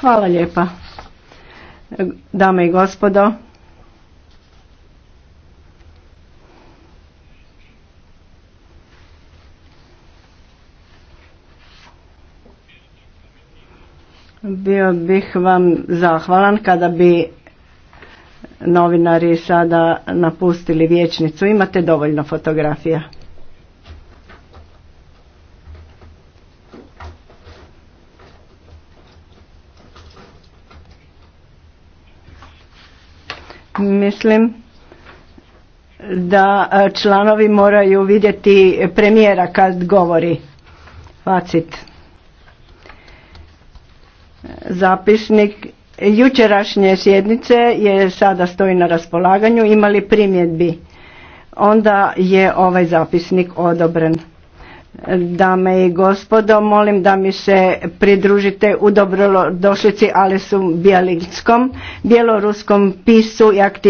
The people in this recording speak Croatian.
Hvala lijepa. Dame i gospodo, bio bih vam zahvalan kada bi novinari sada napustili vječnicu. Imate dovoljno fotografija. Mislim da e, članovi moraju vidjeti premijera kad govori. Facit. Zapisnik jučerašnje sjednice je sada stoji na raspolaganju. Imali primjedbi? Onda je ovaj zapisnik odobren. Dame i gospodo, molim da mi se pridružite u dobrodošlici Alesu Bjelinskom, bjeloruskom pisu i aktivnosti.